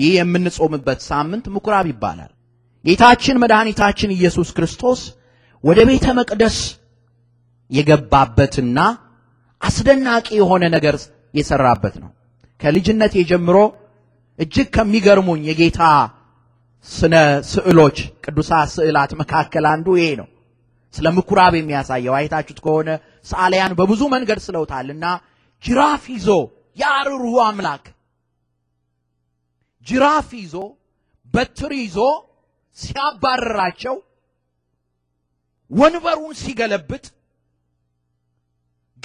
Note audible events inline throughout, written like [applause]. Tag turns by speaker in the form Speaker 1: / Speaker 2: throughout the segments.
Speaker 1: ይህ የምንጾምበት ሳምንት ምኩራብ ይባላል። ጌታችን መድኃኒታችን ኢየሱስ ክርስቶስ ወደ ቤተ መቅደስ የገባበትና አስደናቂ የሆነ ነገር የሰራበት ነው። ከልጅነት ጀምሮ እጅግ ከሚገርሙኝ የጌታ ስነ ስዕሎች ቅዱሳ ስዕላት መካከል አንዱ ይሄ ነው። ስለ ምኩራብ የሚያሳየው አይታችሁት ከሆነ ሰዓሊያን በብዙ መንገድ ስለውታልና ጅራፍ ይዞ የአርሩሁ አምላክ ጅራፍ ይዞ በትር ይዞ ሲያባረራቸው ወንበሩን ሲገለብጥ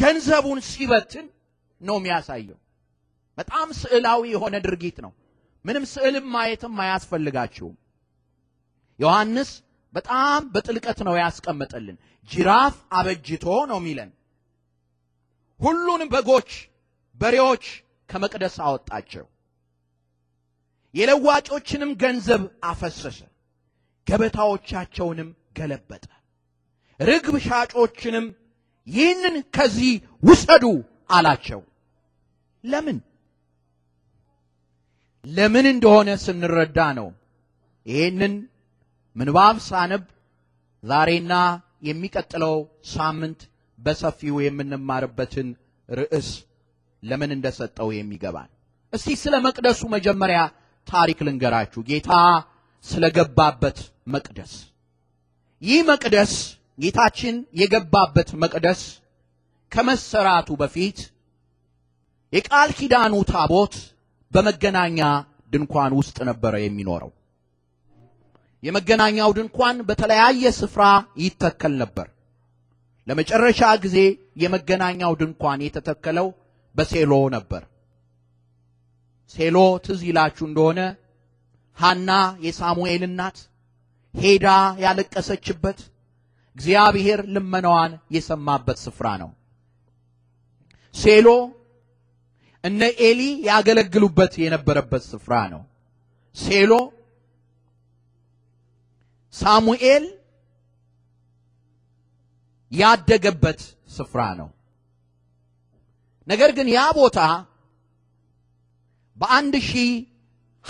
Speaker 1: ገንዘቡን ሲበትን ነው የሚያሳየው። በጣም ስዕላዊ የሆነ ድርጊት ነው። ምንም ስዕልም ማየትም አያስፈልጋችሁም። ዮሐንስ በጣም በጥልቀት ነው ያስቀመጠልን። ጅራፍ አበጅቶ ነው የሚለን። ሁሉን በጎች፣ በሬዎች ከመቅደስ አወጣቸው። የለዋጮችንም ገንዘብ አፈሰሰ፣ ገበታዎቻቸውንም ገለበጠ። ርግብ ሻጮችንም ይህንን ከዚህ ውሰዱ አላቸው። ለምን ለምን እንደሆነ ስንረዳ ነው። ይህንን ምንባብ ሳነብ ዛሬና የሚቀጥለው ሳምንት በሰፊው የምንማርበትን ርዕስ ለምን እንደሰጠው የሚገባን። እስቲ ስለ መቅደሱ መጀመሪያ ታሪክ ልንገራችሁ። ጌታ ስለገባበት መቅደስ ይህ መቅደስ ጌታችን የገባበት መቅደስ ከመሰራቱ በፊት የቃል ኪዳኑ ታቦት በመገናኛ ድንኳን ውስጥ ነበረ የሚኖረው። የመገናኛው ድንኳን በተለያየ ስፍራ ይተከል ነበር። ለመጨረሻ ጊዜ የመገናኛው ድንኳን የተተከለው በሴሎ ነበር። ሴሎ ትዝ ይላችሁ እንደሆነ ሐና የሳሙኤል እናት ሄዳ ያለቀሰችበት እግዚአብሔር ልመናዋን የሰማበት ስፍራ ነው። ሴሎ እነ ኤሊ ያገለግሉበት የነበረበት ስፍራ ነው። ሴሎ ሳሙኤል ያደገበት ስፍራ ነው። ነገር ግን ያ ቦታ በአንድ ሺህ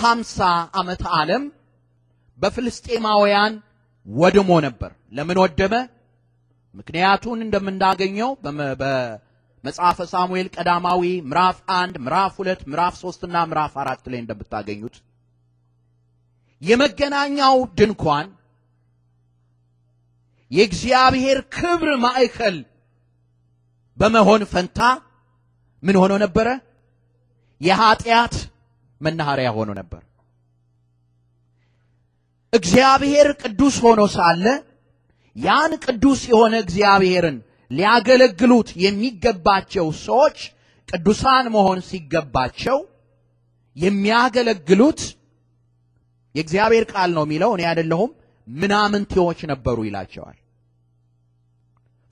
Speaker 1: ሃምሳ ዓመተ ዓለም በፍልስጤማውያን ወድሞ ነበር። ለምን ወደመ? ምክንያቱን እንደምናገኘው በመጽሐፈ ሳሙኤል ቀዳማዊ ምዕራፍ አንድ ምዕራፍ ሁለት ምዕራፍ ሶስትና ምዕራፍ አራት ላይ እንደምታገኙት የመገናኛው ድንኳን የእግዚአብሔር ክብር ማዕከል በመሆን ፈንታ ምን ሆኖ ነበረ? የኃጢአት መናኸሪያ ሆኖ ነበር። እግዚአብሔር ቅዱስ ሆኖ ሳለ ያን ቅዱስ የሆነ እግዚአብሔርን ሊያገለግሉት የሚገባቸው ሰዎች ቅዱሳን መሆን ሲገባቸው የሚያገለግሉት የእግዚአብሔር ቃል ነው የሚለው እኔ አይደለሁም ምናምንቴዎች ነበሩ ይላቸዋል።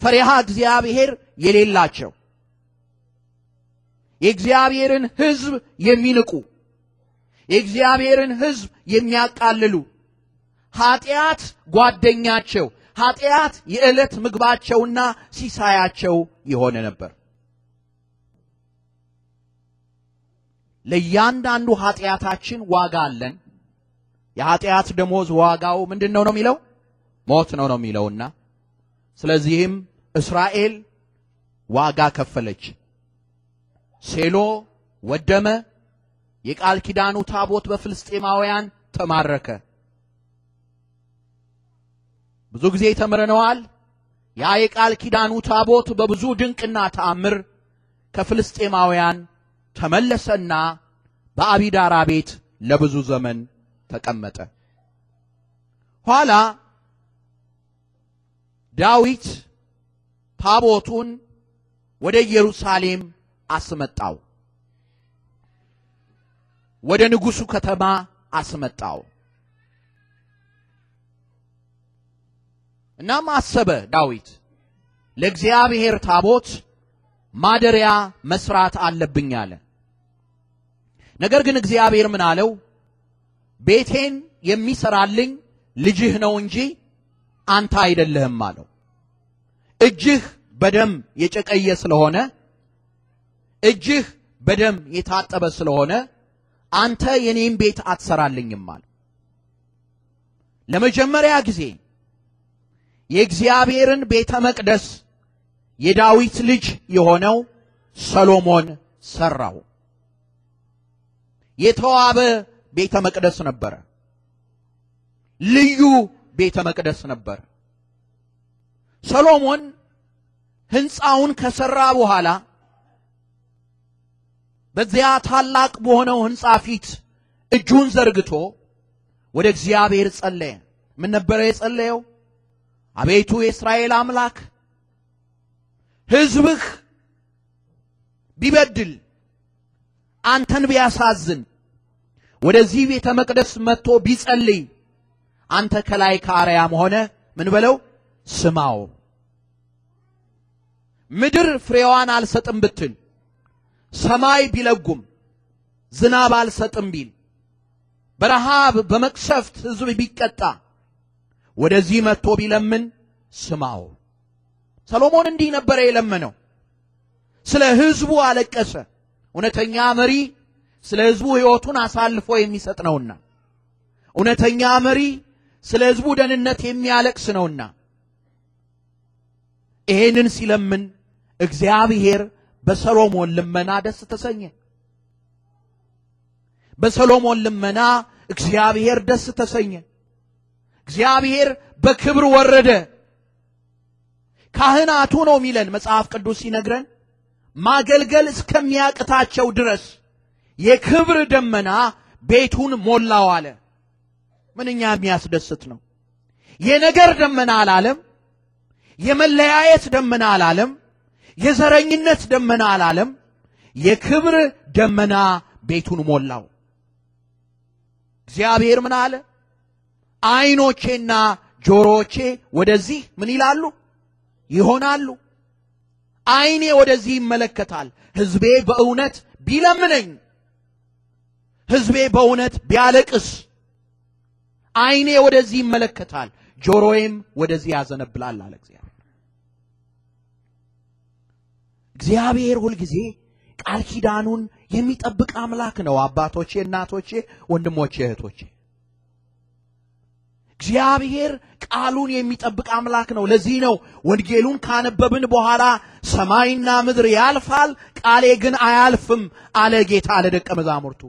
Speaker 1: ፈሪሃ እግዚአብሔር የሌላቸው የእግዚአብሔርን ሕዝብ የሚንቁ የእግዚአብሔርን ሕዝብ የሚያቃልሉ ኃጢአት ጓደኛቸው፣ ኃጢአት የዕለት ምግባቸውና ሲሳያቸው የሆነ ነበር። ለእያንዳንዱ ኃጢአታችን ዋጋ አለን። የኃጢአት ደሞዝ ዋጋው ምንድን ነው ነው የሚለው ሞት ነው ነው የሚለውና ስለዚህም እስራኤል ዋጋ ከፈለች። ሴሎ ወደመ። የቃል ኪዳኑ ታቦት በፍልስጤማውያን ተማረከ። ብዙ ጊዜ ተምረነዋል። ያ የቃል ኪዳኑ ታቦት በብዙ ድንቅና ተአምር ከፍልስጤማውያን ተመለሰና በአቢዳራ ቤት ለብዙ ዘመን ተቀመጠ። ኋላ ዳዊት ታቦቱን ወደ ኢየሩሳሌም አስመጣው። ወደ ንጉሱ ከተማ አስመጣው። እናም አሰበ ዳዊት ለእግዚአብሔር ታቦት ማደሪያ መስራት አለብኝ አለ። ነገር ግን እግዚአብሔር ምን አለው? ቤቴን የሚሰራልኝ ልጅህ ነው እንጂ አንተ አይደለህም አለው። እጅህ በደም የጨቀየ ስለሆነ እጅህ በደም የታጠበ ስለሆነ አንተ የኔም ቤት አትሰራልኝም አለ። ለመጀመሪያ ጊዜ የእግዚአብሔርን ቤተ መቅደስ የዳዊት ልጅ የሆነው ሰሎሞን ሰራው። የተዋበ ቤተ መቅደስ ነበረ። ልዩ ቤተ መቅደስ ነበር። ሰሎሞን ሕንፃውን ከሰራ በኋላ በዚያ ታላቅ በሆነው ሕንፃ ፊት እጁን ዘርግቶ ወደ እግዚአብሔር ጸለየ። ምን ነበረ የጸለየው? አቤቱ የእስራኤል አምላክ ሕዝብህ ቢበድል አንተን ቢያሳዝን ወደዚህ ቤተ መቅደስ መጥቶ ቢጸልይ አንተ ከላይ ከአርያም ሆነ ምን በለው ስማው። ምድር ፍሬዋን አልሰጥም ብትል ሰማይ ቢለጉም ዝናብ አልሰጥም ቢል በረሃብ በመቅሰፍት ሕዝብ ቢቀጣ ወደዚህ መጥቶ ቢለምን ስማው። ሰሎሞን እንዲህ ነበረ የለመነው። ስለ ሕዝቡ አለቀሰ። እውነተኛ መሪ ስለ ሕዝቡ ሕይወቱን አሳልፎ የሚሰጥ ነውና፣ እውነተኛ መሪ ስለ ሕዝቡ ደህንነት የሚያለቅስ ነውና ይሄንን ሲለምን እግዚአብሔር በሰሎሞን ልመና ደስ ተሰኘ። በሰሎሞን ልመና እግዚአብሔር ደስ ተሰኘ። እግዚአብሔር በክብር ወረደ። ካህናቱ ነው የሚለን መጽሐፍ ቅዱስ ሲነግረን ማገልገል እስከሚያቅታቸው ድረስ የክብር ደመና ቤቱን ሞላው አለ። ምንኛ የሚያስደስት ነው! የነገር ደመና አላለም። የመለያየት ደመና አላለም። የዘረኝነት ደመና አላለም፣ የክብር ደመና ቤቱን ሞላው። እግዚአብሔር ምን አለ? አይኖቼና ጆሮቼ ወደዚህ ምን ይላሉ ይሆናሉ። አይኔ ወደዚህ ይመለከታል። ሕዝቤ በእውነት ቢለምነኝ፣ ሕዝቤ በእውነት ቢያለቅስ፣ አይኔ ወደዚህ ይመለከታል፣ ጆሮዬም ወደዚህ ያዘነብላል አለ እግዚአብሔር። እግዚአብሔር ሁልጊዜ ቃል ኪዳኑን የሚጠብቅ አምላክ ነው። አባቶቼ፣ እናቶቼ፣ ወንድሞቼ፣ እህቶቼ እግዚአብሔር ቃሉን የሚጠብቅ አምላክ ነው። ለዚህ ነው ወንጌሉን ካነበብን በኋላ ሰማይና ምድር ያልፋል፣ ቃሌ ግን አያልፍም አለ ጌታ ለደቀ መዛሙርቱ።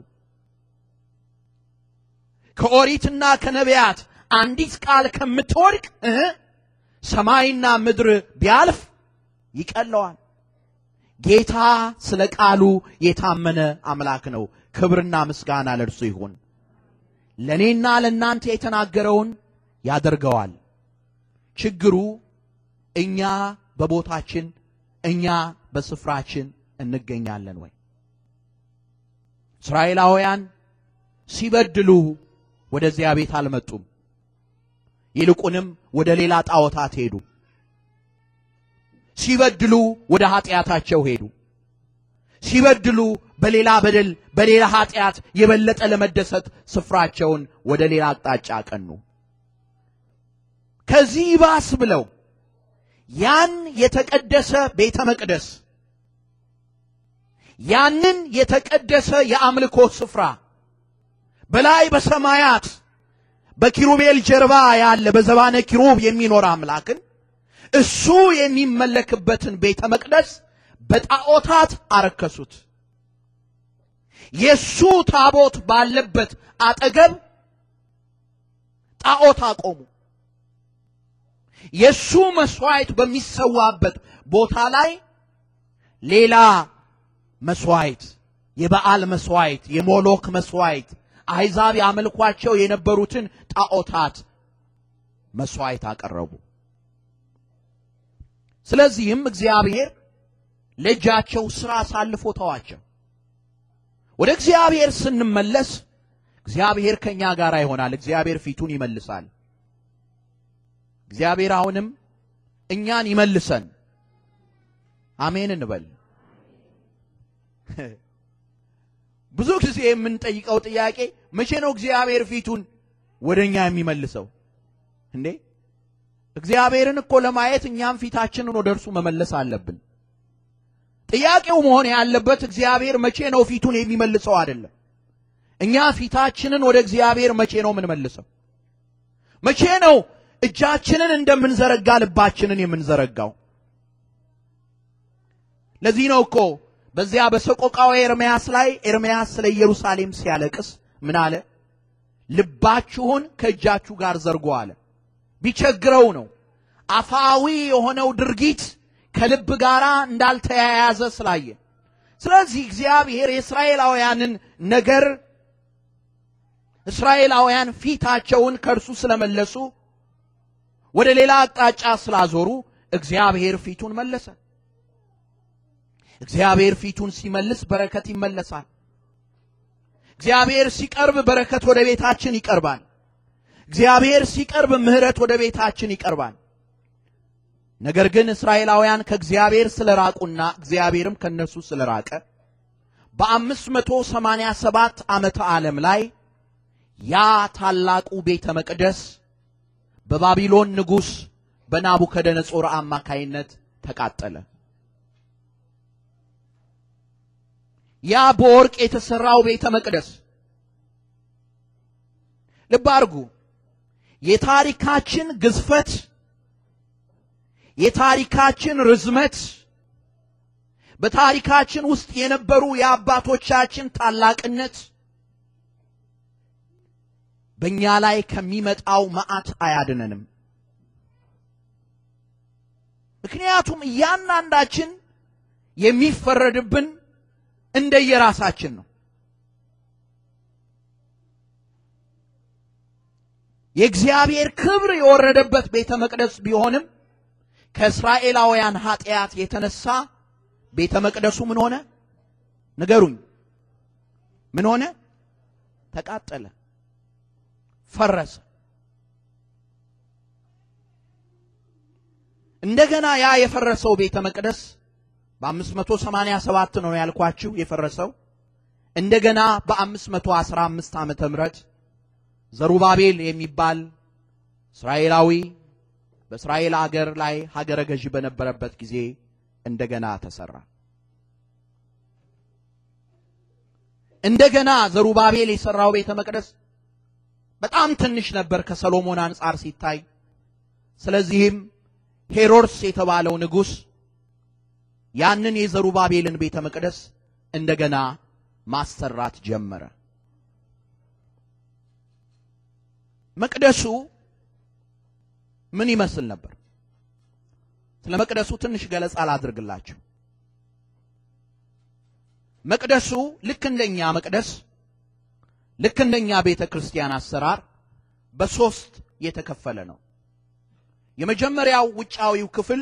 Speaker 1: ከኦሪትና ከነቢያት አንዲት ቃል ከምትወድቅ ሰማይና ምድር ቢያልፍ ይቀለዋል። ጌታ ስለ ቃሉ የታመነ አምላክ ነው። ክብርና ምስጋና ለእርሱ ይሁን። ለእኔና ለእናንተ የተናገረውን ያደርገዋል። ችግሩ እኛ በቦታችን እኛ በስፍራችን እንገኛለን ወይ? እስራኤላውያን ሲበድሉ ወደዚያ ቤት አልመጡም። ይልቁንም ወደ ሌላ ጣዖታት ሄዱ። ሲበድሉ ወደ ኃጢአታቸው ሄዱ። ሲበድሉ በሌላ በደል በሌላ ኃጢአት የበለጠ ለመደሰት ስፍራቸውን ወደ ሌላ አቅጣጫ ቀኑ። ከዚህ ባስ ብለው ያን የተቀደሰ ቤተ መቅደስ ያንን የተቀደሰ የአምልኮ ስፍራ በላይ በሰማያት በኪሩቤል ጀርባ ያለ በዘባነ ኪሩብ የሚኖር አምላክን እሱ የሚመለክበትን ቤተ መቅደስ በጣዖታት አረከሱት። የሱ ታቦት ባለበት አጠገብ ጣዖት አቆሙ። የሱ መስዋዕት በሚሰዋበት ቦታ ላይ ሌላ መስዋዕት፣ የበዓል መስዋዕት፣ የሞሎክ መስዋዕት፣ አሕዛብ ያመልኳቸው የነበሩትን ጣዖታት መስዋዕት አቀረቡ። ስለዚህም እግዚአብሔር ለእጃቸው ሥራ አሳልፎ ተዋቸው። ወደ እግዚአብሔር ስንመለስ እግዚአብሔር ከእኛ ጋር ይሆናል። እግዚአብሔር ፊቱን ይመልሳል። እግዚአብሔር አሁንም እኛን ይመልሰን። አሜን እንበል። [laughs] ብዙ ጊዜ የምንጠይቀው ጥያቄ መቼ ነው እግዚአብሔር ፊቱን ወደ እኛ የሚመልሰው እንዴ? እግዚአብሔርን እኮ ለማየት እኛም ፊታችንን ወደ እርሱ መመለስ አለብን። ጥያቄው መሆን ያለበት እግዚአብሔር መቼ ነው ፊቱን የሚመልሰው አይደለም። እኛ ፊታችንን ወደ እግዚአብሔር መቼ ነው የምንመልሰው? መቼ ነው እጃችንን እንደምንዘረጋ ልባችንን የምንዘረጋው? ለዚህ ነው እኮ በዚያ በሰቆቃው ኤርምያስ ላይ ኤርምያስ ስለ ኢየሩሳሌም ሲያለቅስ ምን አለ? ልባችሁን ከእጃችሁ ጋር ዘርጎ አለ። ቢቸግረው ነው። አፋዊ የሆነው ድርጊት ከልብ ጋር እንዳልተያያዘ ስላየ፣ ስለዚህ እግዚአብሔር የእስራኤላውያንን ነገር እስራኤላውያን ፊታቸውን ከእርሱ ስለመለሱ ወደ ሌላ አቅጣጫ ስላዞሩ እግዚአብሔር ፊቱን መለሰ። እግዚአብሔር ፊቱን ሲመልስ በረከት ይመለሳል። እግዚአብሔር ሲቀርብ በረከት ወደ ቤታችን ይቀርባል። እግዚአብሔር ሲቀርብ ምሕረት ወደ ቤታችን ይቀርባል። ነገር ግን እስራኤላውያን ከእግዚአብሔር ስለራቁና እግዚአብሔርም ከነሱ ስለራቀ በአምስት መቶ ሰማንያ ሰባት ዓመተ ዓለም ላይ ያ ታላቁ ቤተ መቅደስ በባቢሎን ንጉሥ በናቡከደነጾር አማካይነት ተቃጠለ። ያ በወርቅ የተሠራው ቤተ መቅደስ ልብ አድርጉ። የታሪካችን ግዝፈት፣ የታሪካችን ርዝመት፣ በታሪካችን ውስጥ የነበሩ የአባቶቻችን ታላቅነት በእኛ ላይ ከሚመጣው መዓት አያድነንም። ምክንያቱም እያንዳንዳችን የሚፈረድብን እንደየራሳችን ነው። የእግዚአብሔር ክብር የወረደበት ቤተ መቅደስ ቢሆንም ከእስራኤላውያን ኃጢአት የተነሳ ቤተ መቅደሱ ምን ሆነ? ንገሩኝ። ምን ሆነ? ተቃጠለ፣ ፈረሰ። እንደገና ያ የፈረሰው ቤተ መቅደስ በ587 ነው ያልኳችሁ የፈረሰው። እንደገና በ515 ዓመተ ምህረት ዘሩባቤል የሚባል እስራኤላዊ በእስራኤል አገር ላይ ሀገረ ገዢ በነበረበት ጊዜ እንደገና ተሰራ። እንደገና ዘሩባቤል የሰራው ቤተ መቅደስ በጣም ትንሽ ነበር ከሰሎሞን አንጻር ሲታይ። ስለዚህም ሄሮድስ የተባለው ንጉሥ ያንን የዘሩባቤልን ቤተ መቅደስ እንደገና ማሰራት ጀመረ። መቅደሱ ምን ይመስል ነበር? ስለ መቅደሱ ትንሽ ገለጻ ላድርግላችሁ። መቅደሱ ልክ እንደኛ መቅደስ ልክ እንደኛ ቤተ ክርስቲያን አሰራር በሶስት የተከፈለ ነው። የመጀመሪያው ውጫዊው ክፍል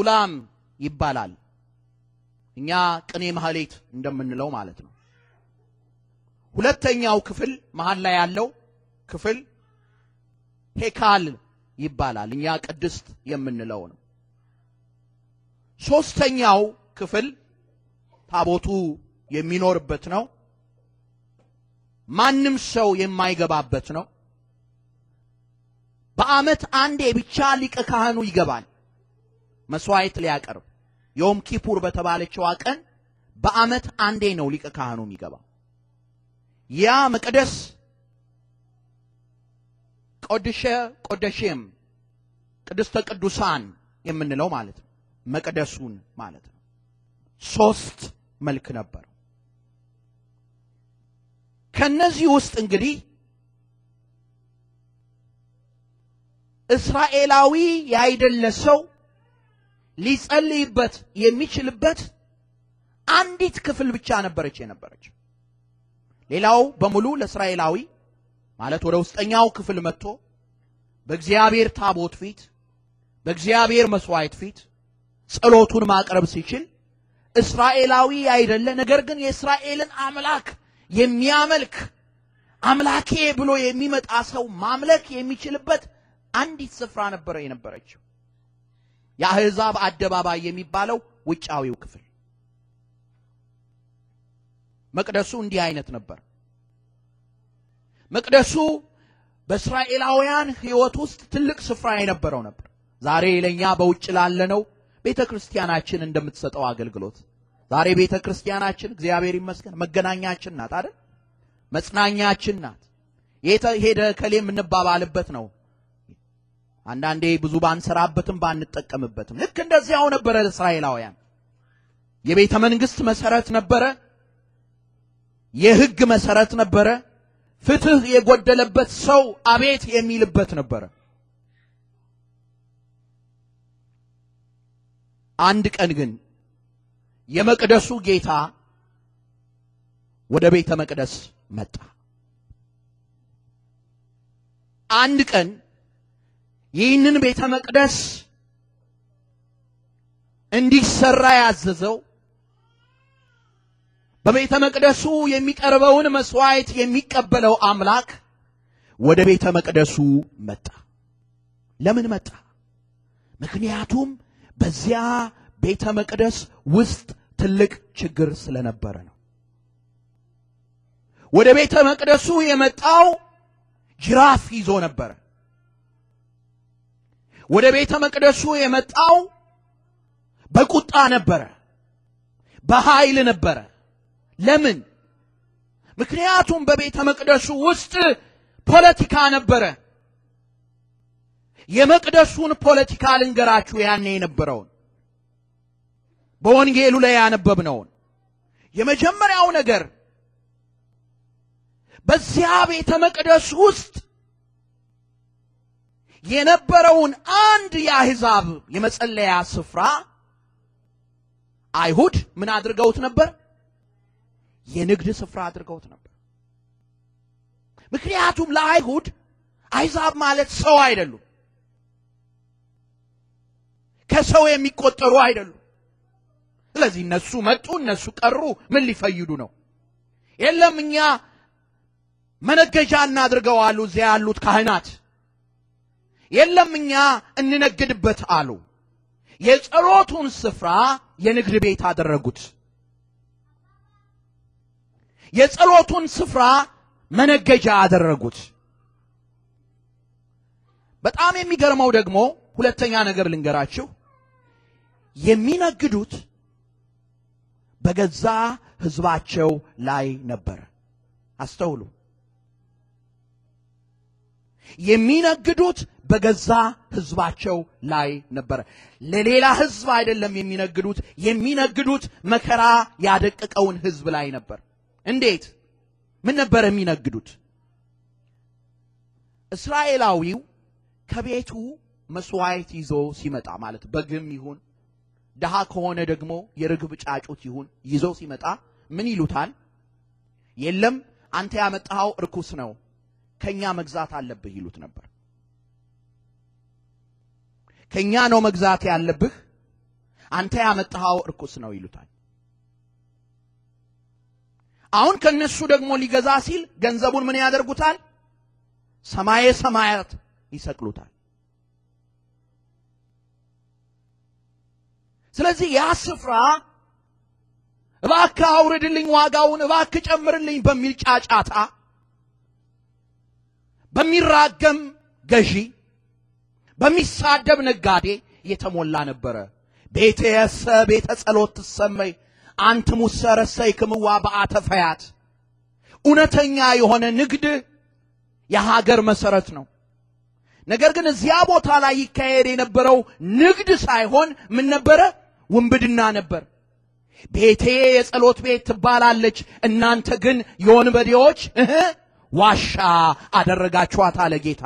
Speaker 1: ኡላም ይባላል። እኛ ቅኔ ማህሌት እንደምንለው ማለት ነው። ሁለተኛው ክፍል መሀል ላይ ያለው ክፍል ሄካል ይባላል። እኛ ቅድስት የምንለው ነው። ሶስተኛው ክፍል ታቦቱ የሚኖርበት ነው። ማንም ሰው የማይገባበት ነው። በዓመት አንዴ ብቻ ሊቀ ካህኑ ይገባል መስዋዕት ሊያቀርብ። ዮም ኪፑር በተባለችዋ ቀን በዓመት አንዴ ነው ሊቀ ካህኑ የሚገባው ያ መቅደስ ቆድሸ ቆደሼም ቅድስተ ቅዱሳን የምንለው ማለት ነው። መቅደሱን ማለት ነው። ሶስት መልክ ነበር። ከነዚህ ውስጥ እንግዲህ እስራኤላዊ ያይደለ ሰው ሊጸልይበት የሚችልበት አንዲት ክፍል ብቻ ነበረች የነበረች ሌላው በሙሉ ለእስራኤላዊ ማለት ወደ ውስጠኛው ክፍል መጥቶ በእግዚአብሔር ታቦት ፊት በእግዚአብሔር መስዋዕት ፊት ጸሎቱን ማቅረብ ሲችል እስራኤላዊ አይደለ፣ ነገር ግን የእስራኤልን አምላክ የሚያመልክ አምላኬ ብሎ የሚመጣ ሰው ማምለክ የሚችልበት አንዲት ስፍራ ነበረ የነበረችው። የአሕዛብ አደባባይ የሚባለው ውጫዊው ክፍል መቅደሱ እንዲህ አይነት ነበር። መቅደሱ በእስራኤላውያን ሕይወት ውስጥ ትልቅ ስፍራ የነበረው ነበር። ዛሬ ለእኛ በውጭ ላለነው ቤተ ክርስቲያናችን እንደምትሰጠው አገልግሎት ዛሬ ቤተ ክርስቲያናችን እግዚአብሔር ይመስገን መገናኛችን ናት አይደል? መጽናኛችን ናት። ሄደ ከሌ የምንባባልበት ነው። አንዳንዴ ብዙ ባንሰራበትም ባንጠቀምበትም ልክ እንደዚያው ነበረ። እስራኤላውያን የቤተ መንግስት መሰረት ነበረ። የህግ መሰረት ነበረ። ፍትህ የጎደለበት ሰው አቤት የሚልበት ነበረ። አንድ ቀን ግን የመቅደሱ ጌታ ወደ ቤተ መቅደስ መጣ። አንድ ቀን ይህንን ቤተ መቅደስ እንዲሰራ ያዘዘው በቤተ መቅደሱ የሚቀርበውን መስዋዕት የሚቀበለው አምላክ ወደ ቤተ መቅደሱ መጣ። ለምን መጣ? ምክንያቱም በዚያ ቤተ መቅደስ ውስጥ ትልቅ ችግር ስለነበረ ነው። ወደ ቤተ መቅደሱ የመጣው ጅራፍ ይዞ ነበረ። ወደ ቤተ መቅደሱ የመጣው በቁጣ ነበረ፣ በኃይል ነበረ። ለምን? ምክንያቱም በቤተ መቅደሱ ውስጥ ፖለቲካ ነበረ። የመቅደሱን ፖለቲካ ልንገራችሁ። ያኔ የነበረውን በወንጌሉ ላይ ያነበብነውን የመጀመሪያው ነገር በዚያ ቤተ መቅደስ ውስጥ የነበረውን አንድ የአሕዛብ የመጸለያ ስፍራ አይሁድ ምን አድርገውት ነበር? የንግድ ስፍራ አድርገውት ነበር። ምክንያቱም ለአይሁድ አይዛብ ማለት ሰው አይደሉም፣ ከሰው የሚቆጠሩ አይደሉም። ስለዚህ እነሱ መጡ፣ እነሱ ቀሩ። ምን ሊፈይዱ ነው? የለም እኛ መነገጃ እናድርገው አሉ እዚያ ያሉት ካህናት። የለም እኛ እንነግድበት አሉ። የጸሎቱን ስፍራ የንግድ ቤት አደረጉት። የጸሎቱን ስፍራ መነገጃ አደረጉት። በጣም የሚገርመው ደግሞ ሁለተኛ ነገር ልንገራችሁ፣ የሚነግዱት በገዛ ህዝባቸው ላይ ነበር። አስተውሉ። የሚነግዱት በገዛ ህዝባቸው ላይ ነበር። ለሌላ ህዝብ አይደለም የሚነግዱት፣ የሚነግዱት መከራ ያደቀቀውን ህዝብ ላይ ነበር። እንዴት? ምን ነበር የሚነግዱት? እስራኤላዊው ከቤቱ መስዋዕት ይዞ ሲመጣ ማለት በግም ይሁን ድሃ ከሆነ ደግሞ የርግብ ጫጩት ይሁን ይዞ ሲመጣ ምን ይሉታል? የለም አንተ ያመጣኸው እርኩስ ነው፣ ከኛ መግዛት አለብህ ይሉት ነበር። ከኛ ነው መግዛት ያለብህ፣ አንተ ያመጣኸው እርኩስ ነው ይሉታል። አሁን ከነሱ ደግሞ ሊገዛ ሲል ገንዘቡን ምን ያደርጉታል? ሰማየ ሰማያት ይሰቅሉታል። ስለዚህ ያ ስፍራ እባክህ አውርድልኝ ዋጋውን፣ እባክህ ጨምርልኝ በሚል ጫጫታ በሚራገም ገዢ፣ በሚሳደብ ነጋዴ የተሞላ ነበረ። ቤተ የሰ ቤተ ጸሎት ትሰመይ አንት ሙሰረሰይክምዋ በአተ ፈያት እውነተኛ የሆነ ንግድ የሀገር መሰረት ነው። ነገር ግን እዚያ ቦታ ላይ ይካሄድ የነበረው ንግድ ሳይሆን ምን ነበረ? ውንብድና ነበር። ቤቴ የጸሎት ቤት ትባላለች፣ እናንተ ግን የወንበዴዎች እህ ዋሻ አደረጋችኋት አለ ጌታ።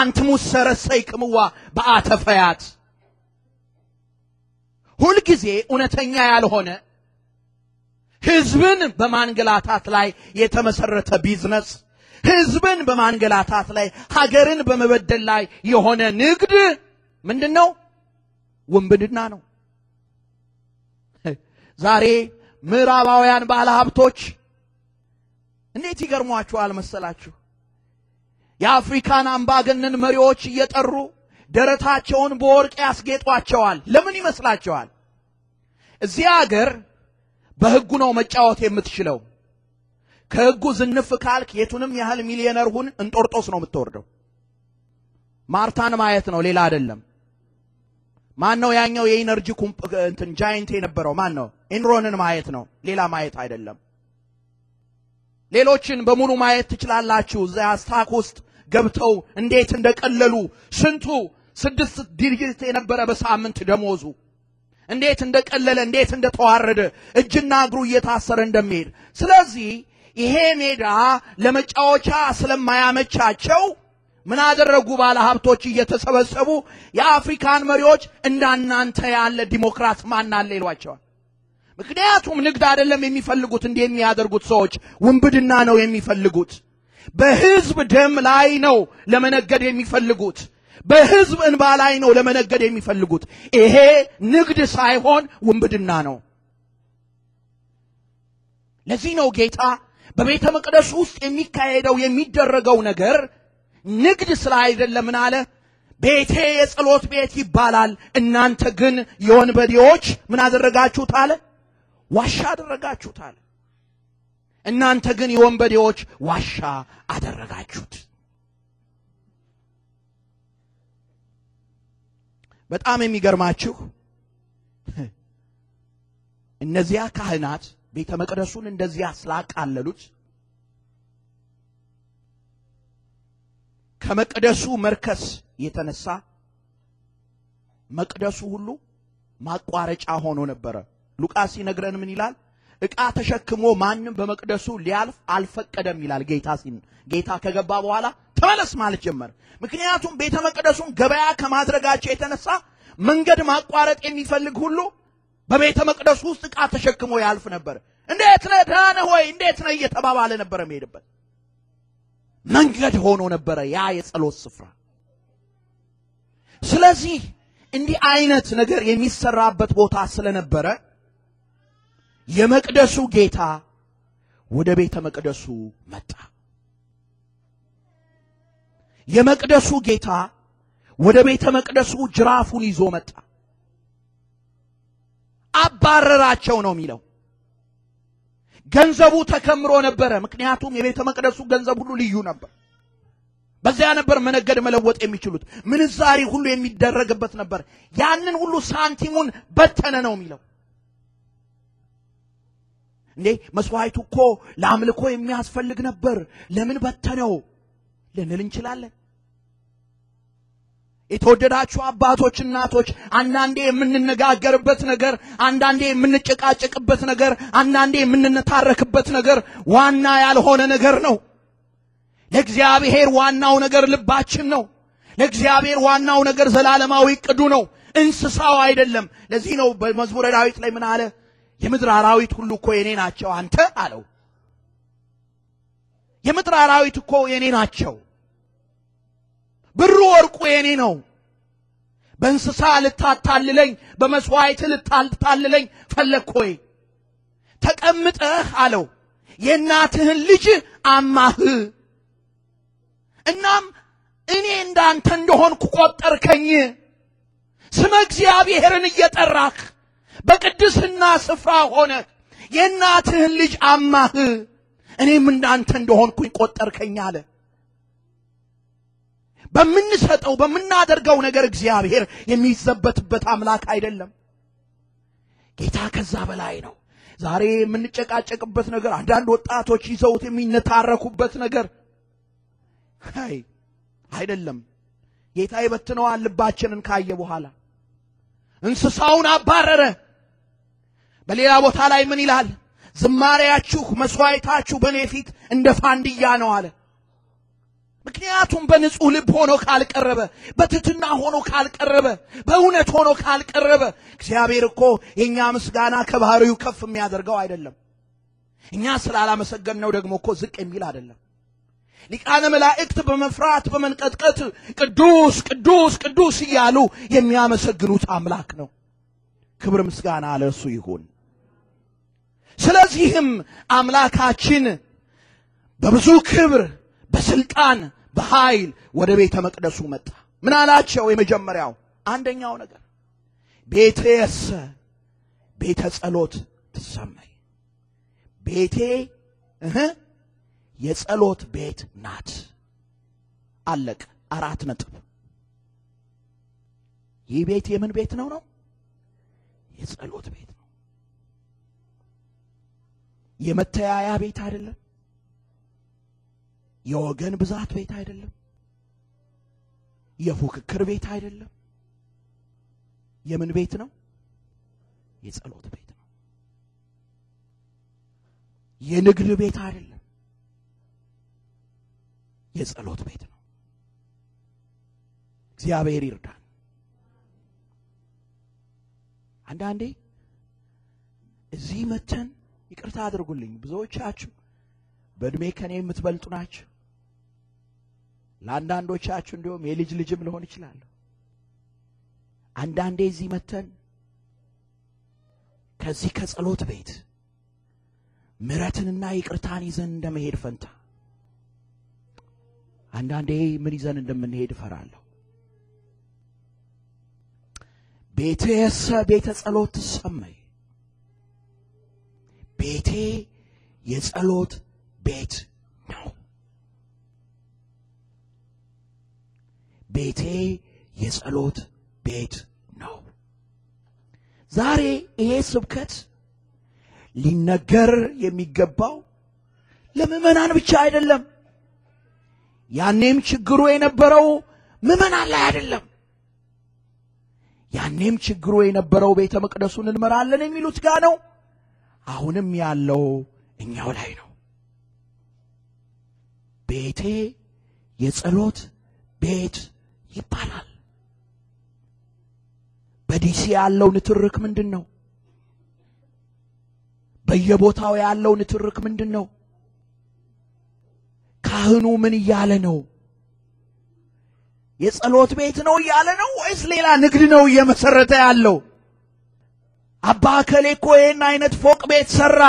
Speaker 1: አንትሙሰ ረሰይክምዋ በአተ ፈያት ሁልጊዜ እውነተኛ ያልሆነ ህዝብን በማንገላታት ላይ የተመሰረተ ቢዝነስ፣ ህዝብን በማንገላታት ላይ ሀገርን በመበደል ላይ የሆነ ንግድ ምንድን ነው? ውንብድና ነው። ዛሬ ምዕራባውያን ባለሀብቶች እንዴት ይገርሟችኋል መሰላችሁ? የአፍሪካን አምባገነን መሪዎች እየጠሩ ደረታቸውን በወርቅ ያስጌጧቸዋል። ለምን ይመስላችኋል? እዚህ አገር በህጉ ነው መጫወት የምትችለው። ከህጉ ዝንፍ ካልክ የቱንም ያህል ሚሊዮነር ሁን እንጦርጦስ ነው የምትወርደው። ማርታን ማየት ነው፣ ሌላ አይደለም። ማን ነው ያኛው የኢነርጂ እንትን ጃይንት የነበረው ማን ነው? ኤንሮንን ማየት ነው፣ ሌላ ማየት አይደለም። ሌሎችን በሙሉ ማየት ትችላላችሁ። እዚያ ስታክ ውስጥ ገብተው እንዴት እንደቀለሉ ስንቱ ስድስት ድርጅት የነበረ በሳምንት ደሞዙ እንዴት እንደቀለለ እንዴት እንደተዋረደ እጅና እግሩ እየታሰረ እንደሚሄድ። ስለዚህ ይሄ ሜዳ ለመጫወቻ ስለማያመቻቸው ምን አደረጉ? ባለ ሀብቶች እየተሰበሰቡ የአፍሪካን መሪዎች እንዳናንተ ያለ ዲሞክራት ማናለ ይሏቸዋል። ምክንያቱም ንግድ አይደለም የሚፈልጉት፣ እንዲህ የሚያደርጉት ሰዎች ውንብድና ነው የሚፈልጉት። በህዝብ ደም ላይ ነው ለመነገድ የሚፈልጉት። በህዝብ እንባ ላይ ነው ለመነገድ የሚፈልጉት። ይሄ ንግድ ሳይሆን ውንብድና ነው። ለዚህ ነው ጌታ በቤተ መቅደስ ውስጥ የሚካሄደው የሚደረገው ነገር ንግድ ስለ አይደለም። አለ? ቤቴ የጸሎት ቤት ይባላል፣ እናንተ ግን የወንበዴዎች ምን አደረጋችሁት አለ? ዋሻ አደረጋችሁት አለ። እናንተ ግን የወንበዴዎች ዋሻ አደረጋችሁት። በጣም የሚገርማችሁ እነዚያ ካህናት ቤተ መቅደሱን እንደዚያ ስላቃለሉት ከመቅደሱ መርከስ የተነሳ መቅደሱ ሁሉ ማቋረጫ ሆኖ ነበረ። ሉቃስ ይነግረን ምን ይላል? ዕቃ ተሸክሞ ማንም በመቅደሱ ሊያልፍ አልፈቀደም ይላል ጌታ ሲን ጌታ ከገባ በኋላ ተመለስ ማለት ጀመር። ምክንያቱም ቤተ መቅደሱን ገበያ ከማድረጋቸው የተነሳ መንገድ ማቋረጥ የሚፈልግ ሁሉ በቤተ መቅደሱ ውስጥ ዕቃ ተሸክሞ ያልፍ ነበር። እንዴት ነህ ደህና ሆይ እንዴት ነህ እየተባባለ ነበር የሚሄድበት መንገድ ሆኖ ነበረ ያ የጸሎት ስፍራ። ስለዚህ እንዲህ አይነት ነገር የሚሰራበት ቦታ ስለነበረ የመቅደሱ ጌታ ወደ ቤተ መቅደሱ መጣ። የመቅደሱ ጌታ ወደ ቤተ መቅደሱ ጅራፉን ይዞ መጣ። አባረራቸው ነው የሚለው። ገንዘቡ ተከምሮ ነበረ። ምክንያቱም የቤተ መቅደሱ ገንዘብ ሁሉ ልዩ ነበር። በዚያ ነበር መነገድ መለወጥ የሚችሉት። ምንዛሪ ሁሉ የሚደረግበት ነበር። ያንን ሁሉ ሳንቲሙን በተነ ነው የሚለው። እንዴ መስዋዕቱ እኮ ለአምልኮ የሚያስፈልግ ነበር፣ ለምን በተነው ልንል እንችላለን። የተወደዳችሁ አባቶች፣ እናቶች አንዳንዴ የምንነጋገርበት ነገር፣ አንዳንዴ የምንጨቃጨቅበት ነገር፣ አንዳንዴ የምንታረክበት ነገር ዋና ያልሆነ ነገር ነው። ለእግዚአብሔር ዋናው ነገር ልባችን ነው። ለእግዚአብሔር ዋናው ነገር ዘላለማዊ እቅዱ ነው፣ እንስሳው አይደለም። ለዚህ ነው በመዝሙረ ዳዊት ላይ ምን አለ? የምድር አራዊት ሁሉ እኮ የኔ ናቸው አንተ አለው። የምድር አራዊት እኮ የኔ ናቸው። ብሩ ወርቁ የኔ ነው። በእንስሳ ልታታልለኝ፣ በመስዋዕት ልታታልለኝ ፈለግክ ሆይ ተቀምጠህ አለው የእናትህን ልጅ አማህ። እናም እኔ እንዳንተ እንደሆንኩ ቆጠርከኝ። ስመ እግዚአብሔርን እየጠራህ በቅድስና ስፍራ ሆነ የእናትህን ልጅ አማህ እኔም እንዳንተ እንደሆንኩኝ ቆጠርከኝ አለ በምንሰጠው በምናደርገው ነገር እግዚአብሔር የሚዘበትበት አምላክ አይደለም ጌታ ከዛ በላይ ነው ዛሬ የምንጨቃጨቅበት ነገር አንዳንድ ወጣቶች ይዘውት የሚነታረኩበት ነገር አይ አይደለም ጌታ ይበትነዋል ልባችንን ካየ በኋላ እንስሳውን አባረረ በሌላ ቦታ ላይ ምን ይላል? ዝማሬያችሁ መስዋዕታችሁ በእኔ ፊት እንደ ፋንድያ ነው አለ። ምክንያቱም በንጹህ ልብ ሆኖ ካልቀረበ፣ በትትና ሆኖ ካልቀረበ፣ በእውነት ሆኖ ካልቀረበ እግዚአብሔር እኮ የእኛ ምስጋና ከባህሪው ከፍ የሚያደርገው አይደለም። እኛ ስላላመሰገን ነው ደግሞ እኮ ዝቅ የሚል አይደለም። ሊቃነ መላእክት በመፍራት በመንቀጥቀጥ ቅዱስ ቅዱስ ቅዱስ እያሉ የሚያመሰግኑት አምላክ ነው። ክብር ምስጋና ለእሱ ይሁን። ስለዚህም አምላካችን በብዙ ክብር፣ በስልጣን፣ በኃይል ወደ ቤተ መቅደሱ መጣ። ምን አላቸው? የመጀመሪያው አንደኛው ነገር ቤቴስ ቤተ ጸሎት ትሰማይ ቤቴ እህ የጸሎት ቤት ናት። አለቅ አራት ነጥብ። ይህ ቤት የምን ቤት ነው ነው? የጸሎት ቤት የመተያያ ቤት አይደለም። የወገን ብዛት ቤት አይደለም። የፉክክር ቤት አይደለም። የምን ቤት ነው? የጸሎት ቤት ነው። የንግድ ቤት አይደለም። የጸሎት ቤት ነው። እግዚአብሔር ይርዳን። አንዳንዴ እዚህ መተን ይቅርታ አድርጉልኝ፣ ብዙዎቻችሁ በእድሜ ከኔ የምትበልጡ ናቸው። ለአንዳንዶቻችሁ እንዲሁም የልጅ ልጅም ልሆን ይችላለሁ። አንዳንዴ እዚህ መተን ከዚህ ከጸሎት ቤት ምሕረትንና ይቅርታን ይዘን እንደመሄድ ፈንታ አንዳንዴ ምን ይዘን እንደምንሄድ እፈራለሁ። የሰ ቤተ ጸሎት ትሰመይ ቤቴ የጸሎት ቤት ነው። ቤቴ የጸሎት ቤት ነው። ዛሬ ይሄ ስብከት ሊነገር የሚገባው ለምእመናን ብቻ አይደለም። ያኔም ችግሩ የነበረው ምዕመናን ላይ አይደለም። ያኔም ችግሩ የነበረው ቤተ መቅደሱን እንመራለን የሚሉት ጋ ነው። አሁንም ያለው እኛው ላይ ነው። ቤቴ የጸሎት ቤት ይባላል። በዲሲ ያለው ንትርክ ምንድን ነው? በየቦታው ያለው ንትርክ ምንድን ነው? ካህኑ ምን እያለ ነው? የጸሎት ቤት ነው እያለ ነው ወይስ ሌላ ንግድ ነው እየመሰረተ ያለው? አባ እከሌ እኮ ይህን አይነት ፎቅ ቤት ሰራ፣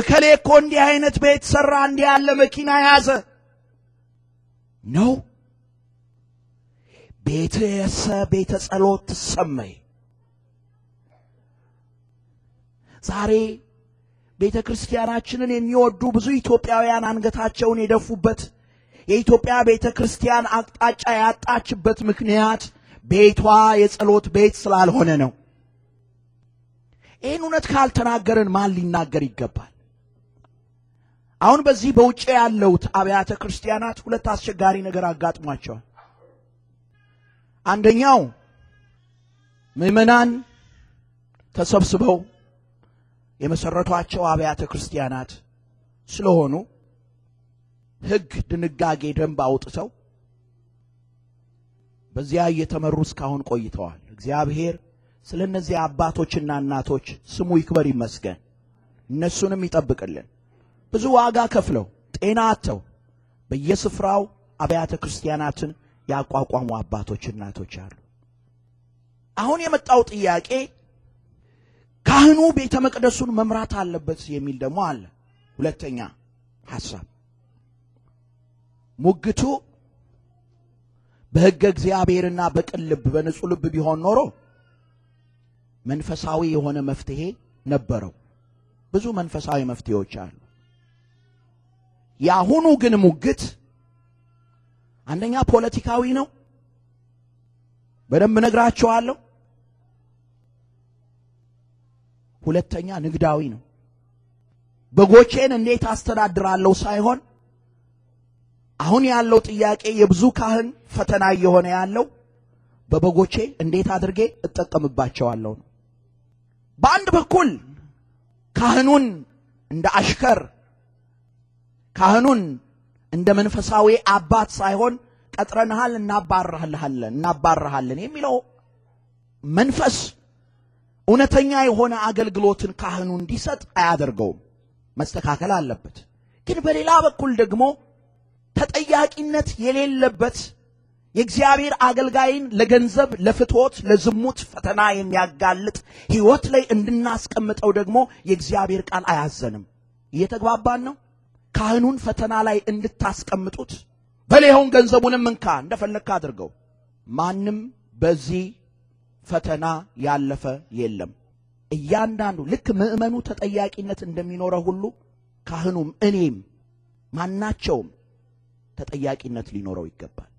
Speaker 1: እከሌ እኮ እንዲህ አይነት ቤት ሰራ፣ እንዲህ ያለ መኪና ያዘ ነው። የሰ ቤተ ጸሎት ትሰመይ። ዛሬ ቤተ ክርስቲያናችንን የሚወዱ ብዙ ኢትዮጵያውያን አንገታቸውን የደፉበት የኢትዮጵያ ቤተ ክርስቲያን አቅጣጫ ያጣችበት ምክንያት ቤቷ የጸሎት ቤት ስላልሆነ ነው። ይህን እውነት ካልተናገርን ማን ሊናገር ይገባል? አሁን በዚህ በውጭ ያለውት አብያተ ክርስቲያናት ሁለት አስቸጋሪ ነገር አጋጥሟቸዋል። አንደኛው ምዕመናን ተሰብስበው የመሰረቷቸው አብያተ ክርስቲያናት ስለሆኑ ሕግ፣ ድንጋጌ፣ ደንብ አውጥተው በዚያ እየተመሩ እስካሁን ቆይተዋል። እግዚአብሔር ስለ እነዚህ አባቶችና እናቶች ስሙ ይክበር ይመስገን። እነሱንም ይጠብቅልን። ብዙ ዋጋ ከፍለው ጤና አጥተው በየስፍራው አብያተ ክርስቲያናትን ያቋቋሙ አባቶች እናቶች አሉ። አሁን የመጣው ጥያቄ ካህኑ ቤተ መቅደሱን መምራት አለበት የሚል ደግሞ አለ። ሁለተኛ ሐሳብ ሙግቱ በሕገ እግዚአብሔርና በቅን ልብ በንጹህ ልብ ቢሆን ኖሮ መንፈሳዊ የሆነ መፍትሄ ነበረው። ብዙ መንፈሳዊ መፍትሄዎች አሉ። የአሁኑ ግን ሙግት አንደኛ ፖለቲካዊ ነው። በደንብ ነግራችኋለሁ። ሁለተኛ ንግዳዊ ነው። በጎቼን እንዴት አስተዳድራለሁ ሳይሆን አሁን ያለው ጥያቄ የብዙ ካህን ፈተና እየሆነ ያለው በበጎቼ እንዴት አድርጌ እጠቀምባቸዋለሁ ነው። በአንድ በኩል ካህኑን እንደ አሽከር ካህኑን እንደ መንፈሳዊ አባት ሳይሆን ቀጥረንሃል፣ እናባርሃለን እናባርሃለን የሚለው መንፈስ እውነተኛ የሆነ አገልግሎትን ካህኑ እንዲሰጥ አያደርገውም። መስተካከል አለበት። ግን በሌላ በኩል ደግሞ ተጠያቂነት የሌለበት የእግዚአብሔር አገልጋይን ለገንዘብ፣ ለፍትወት፣ ለዝሙት ፈተና የሚያጋልጥ ህይወት ላይ እንድናስቀምጠው ደግሞ የእግዚአብሔር ቃል አያዘንም። እየተግባባን ነው። ካህኑን ፈተና ላይ እንድታስቀምጡት በሌሆን ገንዘቡንም እንካ እንደፈለግከ አድርገው። ማንም በዚህ ፈተና ያለፈ የለም። እያንዳንዱ ልክ ምእመኑ ተጠያቂነት እንደሚኖረው ሁሉ ካህኑም እኔም ማናቸውም ተጠያቂነት ሊኖረው ይገባል።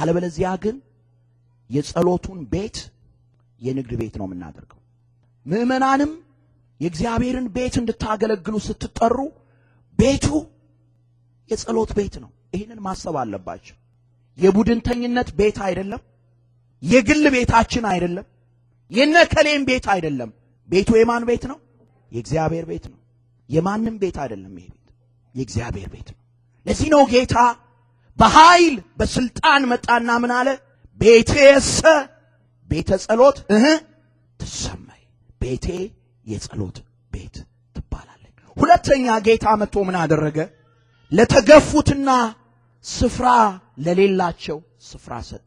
Speaker 1: አለበለዚያ ግን የጸሎቱን ቤት የንግድ ቤት ነው የምናደርገው። ምዕመናንም የእግዚአብሔርን ቤት እንድታገለግሉ ስትጠሩ ቤቱ የጸሎት ቤት ነው። ይህንን ማሰብ አለባቸው። የቡድንተኝነት ቤት አይደለም። የግል ቤታችን አይደለም። የነከሌም ቤት አይደለም። ቤቱ የማን ቤት ነው? የእግዚአብሔር ቤት ነው። የማንም ቤት አይደለም። ይሄ ቤት የእግዚአብሔር ቤት ነው። ለዚህ ነው ጌታ በኃይል በስልጣን መጣና ምን አለ? ቤቴሰ ቤተ ጸሎት እህ ትሰማይ ቤቴ የጸሎት ቤት ትባላለች። ሁለተኛ ጌታ መጥቶ ምን አደረገ? ለተገፉትና ስፍራ ለሌላቸው ስፍራ ሰጠ።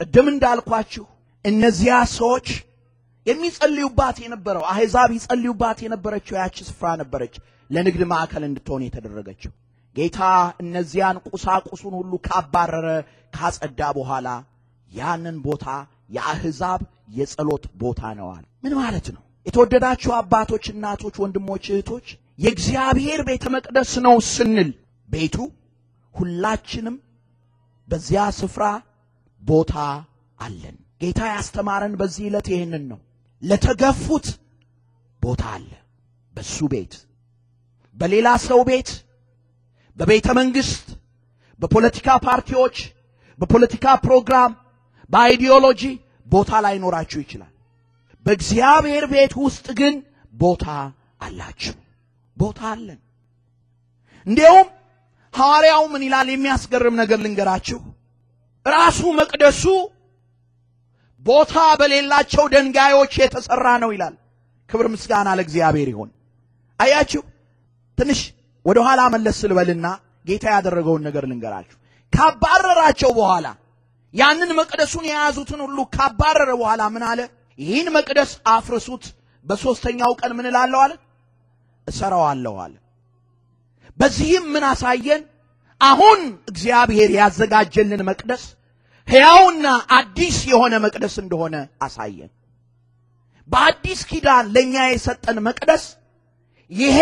Speaker 1: ቅድም እንዳልኳችሁ እነዚያ ሰዎች የሚጸልዩባት የነበረው አሕዛብ ይጸልዩባት የነበረችው ያቺ ስፍራ ነበረች፣ ለንግድ ማዕከል እንድትሆን የተደረገችው። ጌታ እነዚያን ቁሳቁሱን ሁሉ ካባረረ ካጸዳ በኋላ ያንን ቦታ የአሕዛብ የጸሎት ቦታ ነዋል። ምን ማለት ነው? የተወደዳችሁ አባቶች፣ እናቶች፣ ወንድሞች፣ እህቶች የእግዚአብሔር ቤተ መቅደስ ነው ስንል ቤቱ ሁላችንም በዚያ ስፍራ ቦታ አለን። ጌታ ያስተማረን በዚህ ዕለት ይህንን ነው። ለተገፉት ቦታ አለ በሱ ቤት፣ በሌላ ሰው ቤት በቤተ መንግስት፣ በፖለቲካ ፓርቲዎች፣ በፖለቲካ ፕሮግራም፣ በአይዲዮሎጂ ቦታ ላይኖራችሁ ይችላል። በእግዚአብሔር ቤት ውስጥ ግን ቦታ አላችሁ። ቦታ አለን። እንዲሁም ሐዋርያው ምን ይላል? የሚያስገርም ነገር ልንገራችሁ። ራሱ መቅደሱ ቦታ በሌላቸው ደንጋዮች የተሰራ ነው ይላል። ክብር ምስጋና ለእግዚአብሔር ይሆን። አያችሁ ትንሽ ወደ ኋላ መለስ ስልበልና ጌታ ያደረገውን ነገር ልንገራችሁ። ካባረራቸው በኋላ ያንን መቅደሱን የያዙትን ሁሉ ካባረረ በኋላ ምን አለ? ይህን መቅደስ አፍርሱት፣ በሶስተኛው ቀን ምን እላለሁ አለ እሰራዋለሁ አለ። በዚህም ምን አሳየን? አሁን እግዚአብሔር ያዘጋጀልን መቅደስ ሕያውና አዲስ የሆነ መቅደስ እንደሆነ አሳየን። በአዲስ ኪዳን ለእኛ የሰጠን መቅደስ ይሄ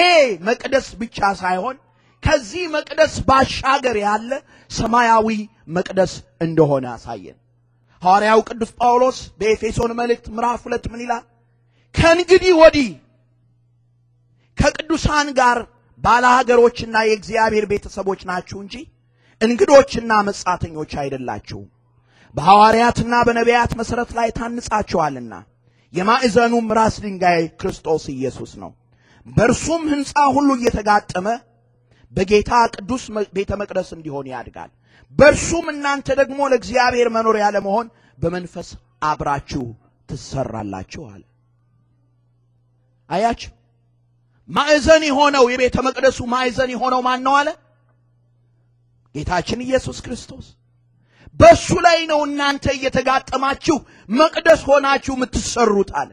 Speaker 1: መቅደስ ብቻ ሳይሆን ከዚህ መቅደስ ባሻገር ያለ ሰማያዊ መቅደስ እንደሆነ አሳየን። ሐዋርያው ቅዱስ ጳውሎስ በኤፌሶን መልእክት ምዕራፍ ሁለት ምን ይላል? ከእንግዲህ ወዲህ ከቅዱሳን ጋር ባለሀገሮችና የእግዚአብሔር ቤተሰቦች ናችሁ እንጂ እንግዶችና መጻተኞች አይደላችሁም። በሐዋርያትና በነቢያት መሠረት ላይ ታንጻችኋልና የማዕዘኑም ራስ ድንጋይ ክርስቶስ ኢየሱስ ነው። በእርሱም ሕንፃ ሁሉ እየተጋጠመ በጌታ ቅዱስ ቤተ መቅደስ እንዲሆን ያድጋል። በእርሱም እናንተ ደግሞ ለእግዚአብሔር መኖሪያ ለመሆን በመንፈስ አብራችሁ ትሰራላችሁ አለ። አያች ማዕዘን የሆነው የቤተ መቅደሱ ማዕዘን የሆነው ማን ነው አለ? ጌታችን ኢየሱስ ክርስቶስ። በእሱ ላይ ነው እናንተ እየተጋጠማችሁ መቅደስ ሆናችሁ የምትሰሩት አለ።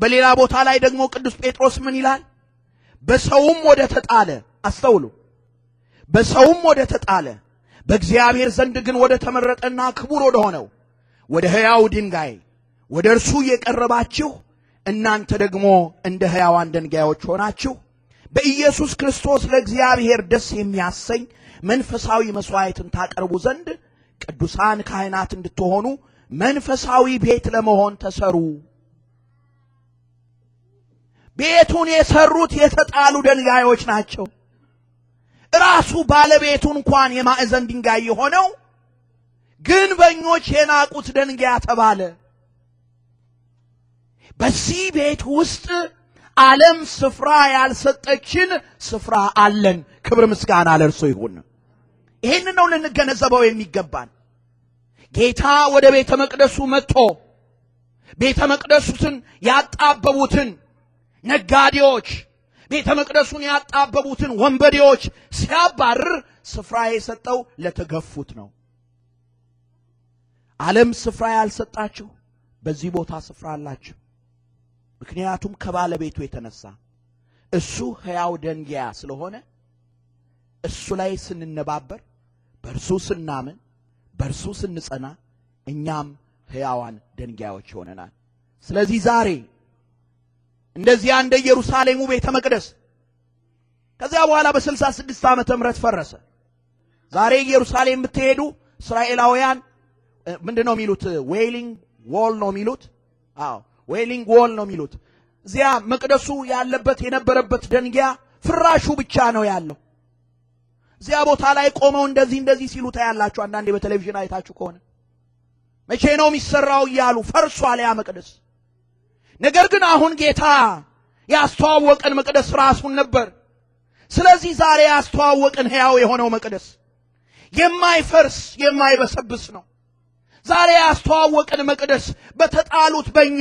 Speaker 1: በሌላ ቦታ ላይ ደግሞ ቅዱስ ጴጥሮስ ምን ይላል? በሰውም ወደ ተጣለ አስተውሉ። በሰውም ወደ ተጣለ በእግዚአብሔር ዘንድ ግን ወደ ተመረጠና ክቡር ወደ ሆነው ወደ ሕያው ድንጋይ ወደ እርሱ የቀረባችሁ እናንተ ደግሞ እንደ ሕያዋን ድንጋዮች ሆናችሁ በኢየሱስ ክርስቶስ ለእግዚአብሔር ደስ የሚያሰኝ መንፈሳዊ መሥዋዕትን ታቀርቡ ዘንድ ቅዱሳን ካህናት እንድትሆኑ መንፈሳዊ ቤት ለመሆን ተሰሩ ቤቱን የሰሩት የተጣሉ ድንጋዮች ናቸው። ራሱ ባለቤቱ እንኳን የማዕዘን ድንጋይ የሆነው ግንበኞች የናቁት ድንጋይ ተባለ። በዚህ ቤት ውስጥ ዓለም ስፍራ ያልሰጠችን ስፍራ አለን። ክብር ምስጋና ለርሶ ይሁን። ይህን ነው ልንገነዘበው የሚገባን። ጌታ ወደ ቤተ መቅደሱ መጥቶ ቤተ መቅደሱትን ያጣበቡትን ነጋዴዎች፣ ቤተ መቅደሱን ያጣበቡትን ወንበዴዎች ሲያባርር ስፍራ የሰጠው ለተገፉት ነው። ዓለም ስፍራ ያልሰጣችሁ በዚህ ቦታ ስፍራ አላችሁ። ምክንያቱም ከባለቤቱ የተነሳ እሱ ሕያው ደንጊያ ስለሆነ እሱ ላይ ስንነባበር፣ በእርሱ ስናምን፣ በእርሱ ስንጸና እኛም ሕያዋን ደንጊያዎች ይሆነናል። ስለዚህ ዛሬ እንደዚያ እንደ ኢየሩሳሌሙ ቤተ መቅደስ። ከዚያ በኋላ በስልሳ ስድስት ዓመተ ምህረት ፈረሰ። ዛሬ ኢየሩሳሌም ብትሄዱ እስራኤላውያን ምንድን ነው የሚሉት? ዌይሊንግ ዎል ነው የሚሉት። አዎ ዌይሊንግ ዎል ነው የሚሉት። እዚያ መቅደሱ ያለበት የነበረበት ደንጊያ ፍራሹ ብቻ ነው ያለው። እዚያ ቦታ ላይ ቆመው እንደዚህ እንደዚህ ሲሉ ታያላችሁ። አንዳንዴ በቴሌቪዥን አይታችሁ ከሆነ መቼ ነው የሚሰራው እያሉ ፈርሷል ያ መቅደስ። ነገር ግን አሁን ጌታ ያስተዋወቀን መቅደስ ራሱን ነበር። ስለዚህ ዛሬ ያስተዋወቀን ሕያው የሆነው መቅደስ የማይፈርስ የማይበሰብስ ነው። ዛሬ ያስተዋወቀን መቅደስ በተጣሉት በእኛ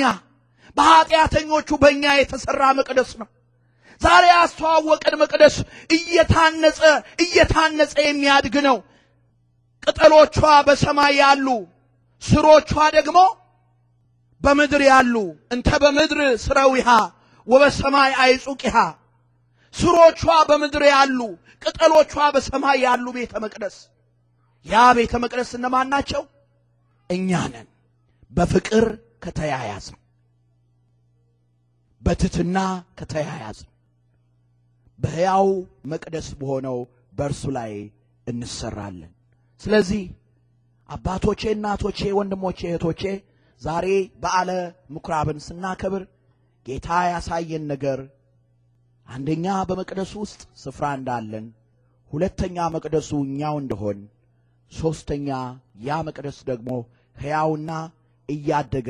Speaker 1: በኃጢአተኞቹ በእኛ የተሰራ መቅደስ ነው። ዛሬ ያስተዋወቀን መቅደስ እየታነጸ እየታነጸ የሚያድግ ነው። ቅጠሎቿ በሰማይ ያሉ ስሮቿ ደግሞ በምድር ያሉ እንተ በምድር ስረዊሃ ወበሰማይ አይጹቂሃ ስሮቿ በምድር ያሉ ቅጠሎቿ በሰማይ ያሉ ቤተ መቅደስ ያ ቤተ መቅደስ እነማን ናቸው? እኛ ነን። በፍቅር ከተያያዝ በትትና ከተያያዝን በሕያው መቅደስ በሆነው በእርሱ ላይ እንሰራለን። ስለዚህ አባቶቼ፣ እናቶቼ፣ ወንድሞቼ፣ እህቶቼ ዛሬ በዓለ ምኩራብን ስናከብር ጌታ ያሳየን ነገር አንደኛ በመቅደሱ ውስጥ ስፍራ እንዳለን፣ ሁለተኛ መቅደሱ እኛው እንደሆን፣ ሦስተኛ ያ መቅደስ ደግሞ ሕያውና እያደገ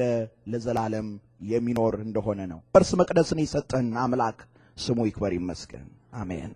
Speaker 1: ለዘላለም የሚኖር እንደሆነ ነው። እርስ መቅደስን የሰጠን አምላክ ስሙ ይክበር ይመስገን። አሜን።